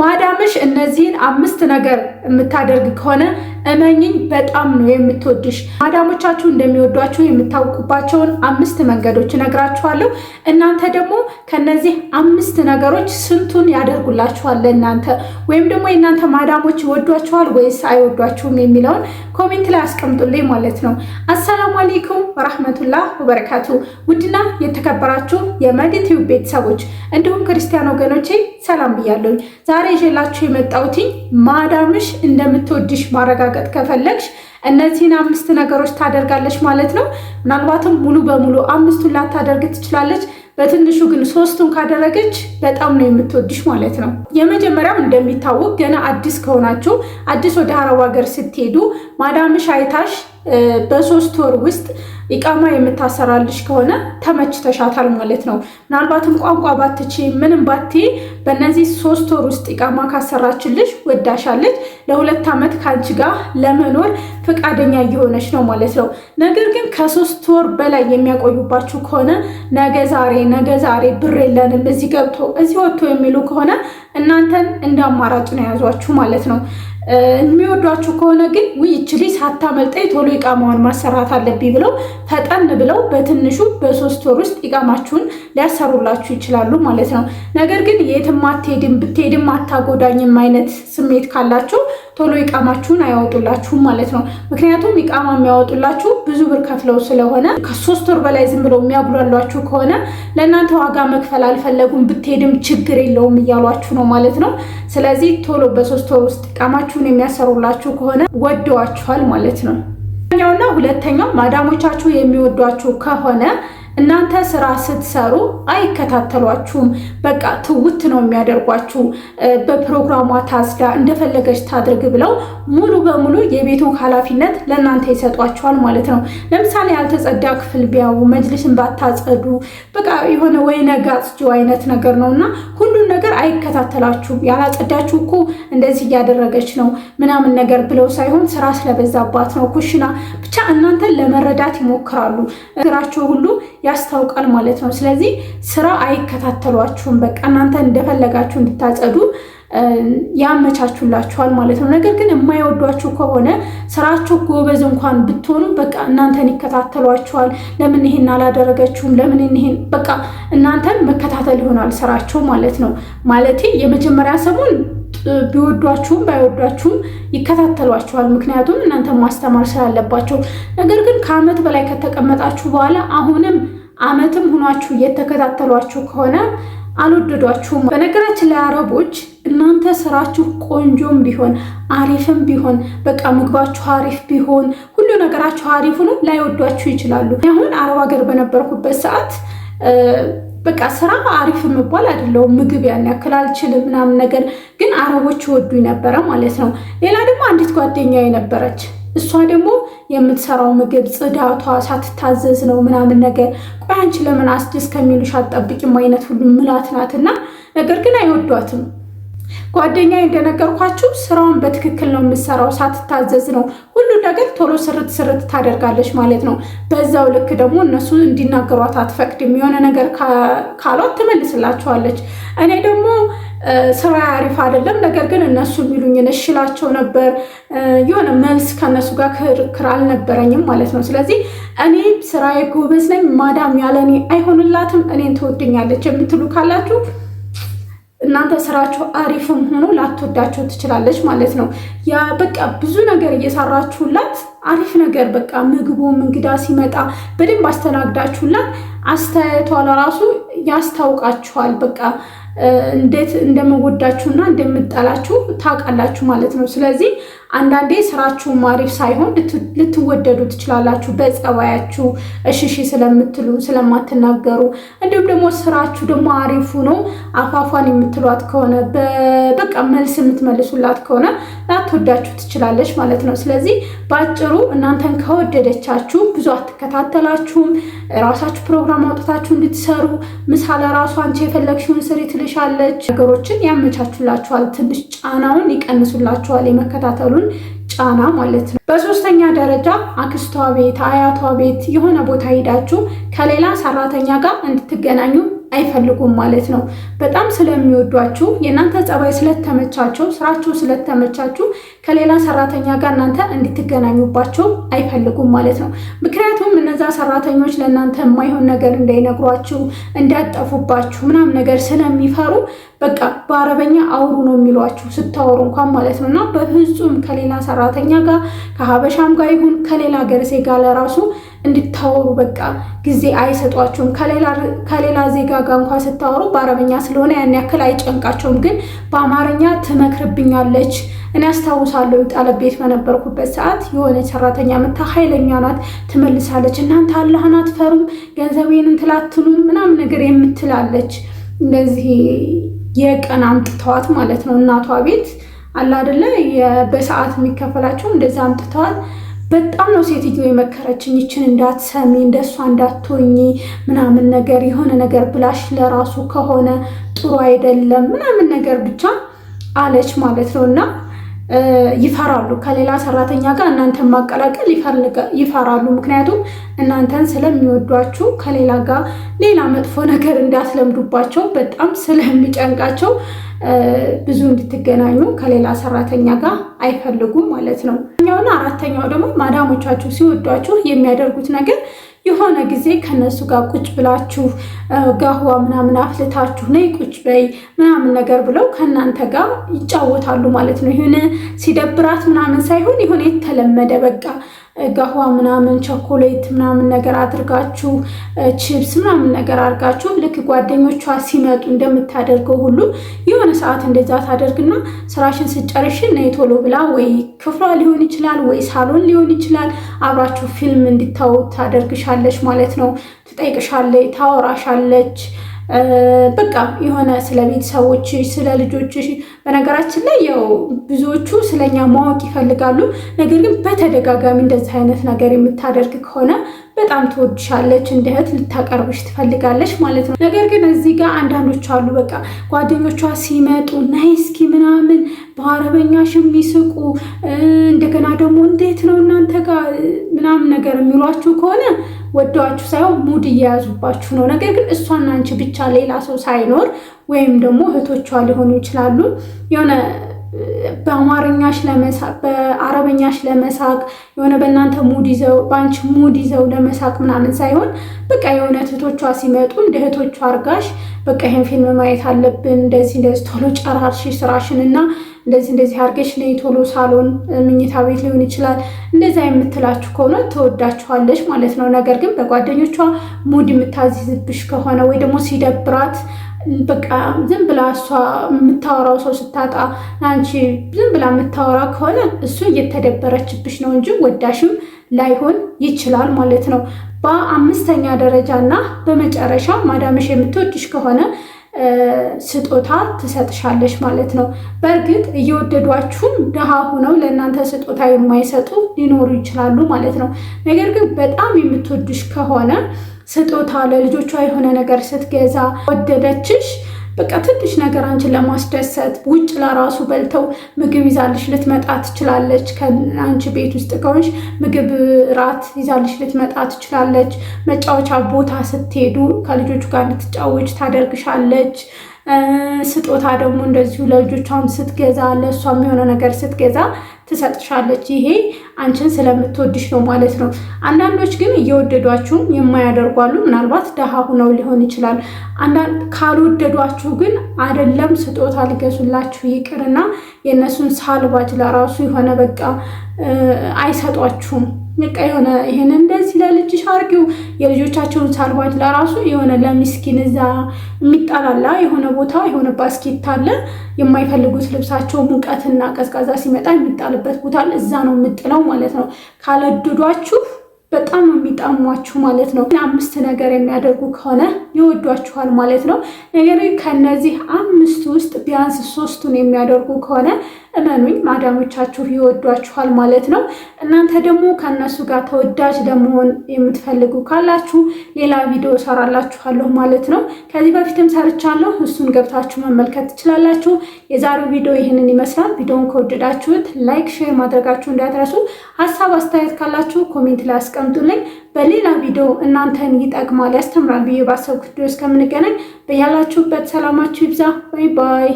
ማዳምሽ እነዚህን አምስት ነገር የምታደርግ ከሆነ እመኝኝ በጣም ነው የምትወድሽ። ማዳሞቻችሁ እንደሚወዷችሁ የምታውቁባቸውን አምስት መንገዶች እነግራችኋለሁ። እናንተ ደግሞ ከነዚህ አምስት ነገሮች ስንቱን ያደርጉላችኋል? ለእናንተ ወይም ደግሞ የእናንተ ማዳሞች ይወዷችኋል ወይስ አይወዷችሁም የሚለውን ኮሜንት ላይ አስቀምጡልኝ ማለት ነው። አሰላሙ አሌይኩም ወራህመቱላህ ወበረካቱ። ውድና የተከበራችሁ የመዲ ቤተሰቦች እንዲሁም ክርስቲያን ወገኖቼ ሰላም ብያለሁኝ። ዛሬ ይዤላችሁ የመጣሁትኝ ማዳምሽ እንደምትወድሽ ማረጋገጥ ከፈለግሽ እነዚህን አምስት ነገሮች ታደርጋለች ማለት ነው። ምናልባትም ሙሉ በሙሉ አምስቱን ላታደርግ ትችላለች። በትንሹ ግን ሶስቱን ካደረገች በጣም ነው የምትወድሽ ማለት ነው። የመጀመሪያም እንደሚታወቅ ገና አዲስ ከሆናችሁ አዲስ ወደ አረብ ሀገር ስትሄዱ ማዳምሽ አይታሽ በሶስት ወር ውስጥ ኢቃማ የምታሰራልሽ ከሆነ ተመችተሻታል ማለት ነው። ምናልባትም ቋንቋ ባትች ምንም ባቴ በእነዚህ ሶስት ወር ውስጥ ኢቃማ ካሰራችልሽ ወዳሻለች፣ ለሁለት ዓመት ከአንቺ ጋር ለመኖር ፈቃደኛ እየሆነች ነው ማለት ነው። ነገር ግን ከሶስት ወር በላይ የሚያቆዩባችሁ ከሆነ ነገ ዛሬ ነገ ዛሬ ብር የለንም እዚህ ገብቶ እዚህ ወጥቶ የሚሉ ከሆነ እናንተን እንደ አማራጭ ነው የያዟችሁ ማለት ነው። የሚወዷችሁ ከሆነ ግን ውይ ይችሊ ሳታመልጠኝ ቶሎ ኢቃማዋን ማሰራት አለብኝ ብለው ፈጠን ብለው በትንሹ በሶስት ወር ውስጥ ኢቃማችሁን ሊያሰሩላችሁ ይችላሉ ማለት ነው። ነገር ግን የትም አትሄድም ብትሄድም አታጎዳኝም አይነት ስሜት ካላችሁ ቶሎ ይቃማችሁን አያወጡላችሁም ማለት ነው። ምክንያቱም ይቃማ የሚያወጡላችሁ ብዙ ብር ከፍለው ስለሆነ ከሶስት ወር በላይ ዝም ብለው የሚያጉላሏችሁ ከሆነ ለእናንተ ዋጋ መክፈል አልፈለጉም፣ ብትሄድም ችግር የለውም እያሏችሁ ነው ማለት ነው። ስለዚህ ቶሎ በሶስት ወር ውስጥ ኢቃማችሁን የሚያሰሩላችሁ ከሆነ ወደዋችኋል ማለት ነው። ኛውና ሁለተኛው ማዳሞቻችሁ የሚወዷችሁ ከሆነ እናንተ ስራ ስትሰሩ አይከታተሏችሁም። በቃ ትውት ነው የሚያደርጓችሁ። በፕሮግራሟ ታስዳ እንደፈለገች ታድርግ ብለው ሙሉ በሙሉ የቤቱን ኃላፊነት ለእናንተ ይሰጧችኋል ማለት ነው። ለምሳሌ ያልተጸዳ ክፍል ቢያው መጅልስን ባታጸዱ፣ በቃ የሆነ ወይ ነጋጽጆ አይነት ነገር ነው እና ሁሉን ነገር አይከታተላችሁም። ያላጸዳችሁ እኮ እንደዚህ እያደረገች ነው ምናምን ነገር ብለው ሳይሆን ስራ ስለበዛባት ነው። ኩሽና ብቻ እናንተን ለመረዳት ይሞክራሉ እግራቸው ሁሉ ያስታውቃል ማለት ነው። ስለዚህ ስራ አይከታተሏችሁም። በቃ እናንተ እንደፈለጋችሁ እንድታጸዱ ያመቻቹላችኋል ማለት ነው። ነገር ግን የማይወዷችሁ ከሆነ ስራችሁ ጎበዝ እንኳን ብትሆኑ በቃ እናንተን ይከታተሏችኋል። ለምን ይሄን አላደረገችሁም? ለምን ይሄን በቃ እናንተን መከታተል ይሆናል ስራቸው ማለት ነው። ማለት የመጀመሪያ ሰሞን ቢወዷችሁም ባይወዷችሁም ይከታተሏችኋል። ምክንያቱም እናንተ ማስተማር ስላለባቸው። ነገር ግን ከአመት በላይ ከተቀመጣችሁ በኋላ አሁንም አመትም ሆኗችሁ እየተከታተሏችሁ ከሆነ አልወደዷችሁም። በነገራችን ላይ አረቦች እናንተ ስራችሁ ቆንጆም ቢሆን አሪፍም ቢሆን በቃ ምግባችሁ አሪፍ ቢሆን ሁሉ ነገራችሁ አሪፍ ሆኖ ላይወዷችሁ ይችላሉ። አሁን አረብ ሀገር በነበርኩበት ሰዓት በቃ ስራ አሪፍ የምባል አይደለሁም። ምግብ ያን ያክል አልችልም ምናምን ነገር ግን አረቦች ወዱኝ ነበረ ማለት ነው። ሌላ ደግሞ አንዲት ጓደኛ የነበረች እሷ ደግሞ የምትሰራው ምግብ ጽዳቷ ሳትታዘዝ ነው ምናምን ነገር ቆይ አንቺ ለምን አስደስ ከሚሉሽ አትጠብቂም አይነት ሁሉ ምላት ነገር ግን አይወዷትም። ጓደኛ እንደነገርኳችሁ ስራውን በትክክል ነው የምትሰራው፣ ሳትታዘዝ ነው ሁሉን ነገር ቶሎ ስርት ስርት ታደርጋለች ማለት ነው። በዛው ልክ ደግሞ እነሱ እንዲናገሯት አትፈቅድም። የሆነ ነገር ካሏት ትመልስላቸዋለች። እኔ ደግሞ ስራ አሪፍ አይደለም፣ ነገር ግን እነሱ የሚሉኝን እሺ ነበር። የሆነ መልስ ከእነሱ ጋር ክርክር አልነበረኝም ማለት ነው። ስለዚህ እኔ ስራዬ ጎበዝ ነኝ፣ ማዳም ያለ አይሆንላትም፣ እኔን ትወደኛለች የምትሉ ካላችሁ እናንተ ስራችሁ አሪፍም ሆኖ ላትወዳቸው ትችላለች ማለት ነው። ያ በቃ ብዙ ነገር እየሰራችሁላት አሪፍ ነገር በቃ ምግቡም እንግዳ ሲመጣ በደንብ አስተናግዳችሁላት አስተያየቷ ለራሱ ያስታውቃችኋል በቃ እንዴት እንደመወዳችሁና እንደምጠላችሁ ታውቃላችሁ ማለት ነው። ስለዚህ አንዳንዴ ስራችሁም አሪፍ ሳይሆን ልትወደዱ ትችላላችሁ በፀባያችሁ እሽሽ ስለምትሉ ስለማትናገሩ፣ እንዲሁም ደግሞ ስራችሁ ደግሞ አሪፉ ነው አፏፏን የምትሏት ከሆነ በቃ መልስ የምትመልሱላት ከሆነ ላትወዳችሁ ትችላለች ማለት ነው። ስለዚህ በአጭሩ እናንተን ከወደደቻችሁ ብዙ አትከታተላችሁም። ራሳችሁ ፕሮግራም አውጥታችሁ እንድትሰሩ ምሳሌ ራሱ አንቺ የፈለግሽውን ስሪት ትልሻለች። ነገሮችን ያመቻቹላችኋል፣ ትንሽ ጫናውን ይቀንሱላችኋል፣ የመከታተሉን ጫና ማለት ነው። በሶስተኛ ደረጃ አክስቷ ቤት፣ አያቷ ቤት የሆነ ቦታ ሄዳችሁ ከሌላ ሰራተኛ ጋር እንድትገናኙ አይፈልጉም ማለት ነው። በጣም ስለሚወዷችሁ የእናንተ ጸባይ ስለተመቻቸው ስራችሁ ስለተመቻችሁ ከሌላ ሰራተኛ ጋር እናንተ እንድትገናኙባቸው አይፈልጉም ማለት ነው። ምክንያቱም እነዛ ሰራተኞች ለእናንተ የማይሆን ነገር እንዳይነግሯችሁ እንዳጠፉባችሁ ምናምን ነገር ስለሚፈሩ በቃ በአረበኛ አውሩ ነው የሚሏችሁ ስታወሩ እንኳን ማለት ነው። እና በፍጹም ከሌላ ሰራተኛ ጋር ከሀበሻም ጋር ይሁን ከሌላ ሀገር ዜጋ ለራሱ እንድታወሩ በቃ ጊዜ አይሰጧችሁም። ከሌላ ዜጋ ጋር እንኳ ስታወሩ በአረበኛ ስለሆነ ያን ያክል አይጨንቃቸውም። ግን በአማርኛ ትመክርብኛለች። እኔ አስታውሳለሁ ጣለቤት በነበርኩበት ሰዓት የሆነች ሰራተኛ መታ ኃይለኛ ናት ትመልሳለች እናንተ አላህን አትፈሩም ገንዘቤን እንትን ምናምን ነገር የምትላለች እንደዚህ የቀን አምጥተዋት ማለት ነው እናቷ ቤት አለ አይደለ በሰዓት የሚከፈላቸው እንደዚህ አምጥተዋት በጣም ነው ሴትዮ የመከረችኝ። ይችን እንዳትሰሚ እንደሷ እንዳትሆኚ ምናምን ነገር የሆነ ነገር ብላሽ ለራሱ ከሆነ ጥሩ አይደለም ምናምን ነገር ብቻ አለች ማለት ነው እና ይፈራሉ። ከሌላ ሰራተኛ ጋር እናንተን ማቀላቀል ይፈራሉ። ምክንያቱም እናንተን ስለሚወዷችሁ ከሌላ ጋር ሌላ መጥፎ ነገር እንዳስለምዱባቸው በጣም ስለሚጨንቃቸው ብዙ እንድትገናኙ ከሌላ ሰራተኛ ጋር አይፈልጉም ማለት ነው። ኛውና አራተኛው ደግሞ ማዳሞቻችሁ ሲወዷችሁ የሚያደርጉት ነገር የሆነ ጊዜ ከነሱ ጋር ቁጭ ብላችሁ ጋህዋ ምናምን አፍልታችሁ ነይ ቁጭ በይ ምናምን ነገር ብለው ከእናንተ ጋር ይጫወታሉ ማለት ነው። ይሁን ሲደብራት ምናምን ሳይሆን ይሁን የተለመደ በቃ ጋህዋ ምናምን ቸኮሌት ምናምን ነገር አድርጋችሁ ቺፕስ ምናምን ነገር አድርጋችሁ ልክ ጓደኞቿ ሲመጡ እንደምታደርገው ሁሉ የሆነ ሰዓት እንደዛ ታደርግና ስራሽን ስጨርሽ ነይ ቶሎ ብላ ወይ ክፍሏ ሊሆን ይችላል ወይ ሳሎን ሊሆን ይችላል አብራችሁ ፊልም እንድታዩ ታደርግሻለች ማለት ነው። ትጠይቅሻለች፣ ታወራሻለች በቃ የሆነ ስለ ቤተሰቦች፣ ስለ ልጆችሽ። በነገራችን ላይ ያው ብዙዎቹ ስለኛ ማወቅ ይፈልጋሉ። ነገር ግን በተደጋጋሚ እንደዚህ አይነት ነገር የምታደርግ ከሆነ በጣም ትወድሻለች፣ እንደ እህት ልታቀርብሽ ትፈልጋለች ማለት ነው። ነገር ግን እዚህ ጋር አንዳንዶች አሉ፣ በቃ ጓደኞቿ ሲመጡ ናይ እስኪ ምናምን በአረበኛሽ የሚስቁ እንደገና ደግሞ እንዴት ነው እናንተ ጋር ምናምን ነገር የሚሏችሁ ከሆነ ወደዋችሁ ሳይሆን ሙድ እየያዙባችሁ ነው። ነገር ግን እሷና አንቺ ብቻ ሌላ ሰው ሳይኖር ወይም ደግሞ እህቶቿ ሊሆኑ ይችላሉ የሆነ በአማርኛሽ ለመሳቅ በአረበኛሽ ለመሳቅ የሆነ በእናንተ ሙድ ይዘው በአንቺ ሙድ ይዘው ለመሳቅ ምናምን ሳይሆን በቃ የሆነ እህቶቿ ሲመጡ እንደ እህቶቿ አርጋሽ በቃ ይህን ፊልም ማየት አለብን፣ እንደዚህ እንደዚህ ቶሎ ጨራርሽ ስራሽን እና እንደዚህ እንደዚህ አርገሽ ነይ ቶሎ ሳሎን፣ ምኝታ ቤት ሊሆን ይችላል እንደዚያ የምትላችሁ ከሆነ ትወዳችኋለች ማለት ነው። ነገር ግን በጓደኞቿ ሙድ የምታዝዝብሽ ከሆነ ወይ ደግሞ ሲደብራት በቃ ዝም ብላ እሷ የምታወራው ሰው ስታጣ አንቺ ዝም ብላ የምታወራ ከሆነ እሱ እየተደበረችብሽ ነው እንጂ ወዳሽም ላይሆን ይችላል ማለት ነው። በአምስተኛ ደረጃ እና በመጨረሻ ማዳምሽ የምትወድሽ ከሆነ ስጦታ ትሰጥሻለች ማለት ነው። በእርግጥ እየወደዷችሁም ድሃ ሆነው ለእናንተ ስጦታ የማይሰጡ ሊኖሩ ይችላሉ ማለት ነው። ነገር ግን በጣም የምትወድሽ ከሆነ ስጦታ ለልጆቿ የሆነ ነገር ስትገዛ ወደደችሽ በቃ ትንሽ ነገር አንቺን ለማስደሰት ውጭ ለራሱ በልተው ምግብ ይዛልሽ ልትመጣ ትችላለች። ከአንቺ ቤት ውስጥ ከሆንሽ ምግብ ራት ይዛልሽ ልትመጣ ትችላለች። መጫወቻ ቦታ ስትሄዱ ከልጆቹ ጋር እንድትጫወች ታደርግሻለች። ስጦታ ደግሞ እንደዚሁ ለልጆቿም ስትገዛ ለእሷም የሆነ ነገር ስትገዛ ትሰጥሻለች። ይሄ አንቺን ስለምትወድሽ ነው ማለት ነው። አንዳንዶች ግን እየወደዷችሁም የማያደርጓሉ። ምናልባት ደሃ ሁነው ሊሆን ይችላል። ካልወደዷችሁ ግን አይደለም ስጦታ ሊገዙላችሁ ይቅርና የእነሱን ሳልባጅ ለራሱ የሆነ በቃ አይሰጧችሁም። በቃ የሆነ ይሄን እንደዚህ ለልጅሽ አርጊው የልጆቻቸውን ሳልባጅ ለራሱ የሆነ ለሚስኪን እዛ የሚጣላላ የሆነ ቦታ የሆነ ባስኬት አለ የማይፈልጉት ልብሳቸው ሙቀትና ቀዝቃዛ ሲመጣ የሚጣል ያለበት ቦታ እዛ ነው የምጥለው ማለት ነው። ካለደዷችሁ በጣም የሚጣሟችሁ ማለት ነው። አምስት ነገር የሚያደርጉ ከሆነ ይወዷችኋል ማለት ነው። ነገር ግን ከነዚህ አምስት ውስጥ ቢያንስ ሶስቱን የሚያደርጉ ከሆነ እመኑኝ ማዳሞቻችሁ ይወዷችኋል ማለት ነው። እናንተ ደግሞ ከእነሱ ጋር ተወዳጅ ለመሆን የምትፈልጉ ካላችሁ ሌላ ቪዲዮ ሰራላችኋለሁ ማለት ነው። ከዚህ በፊትም ሰርቻለሁ፣ እሱን ገብታችሁ መመልከት ትችላላችሁ። የዛሬው ቪዲዮ ይህንን ይመስላል። ቪዲዮን ከወደዳችሁት ላይክ፣ ሼር ማድረጋችሁ እንዳትረሱ። ሀሳብ አስተያየት ካላችሁ ኮሜንት ላይ አስቀምጡልኝ። በሌላ ቪዲዮ እናንተን ይጠቅማል ያስተምራል ብዬ ባሰብኩት ቪዲዮ እስከምንገናኝ በያላችሁበት ሰላማችሁ ይብዛ። ባይ ባይ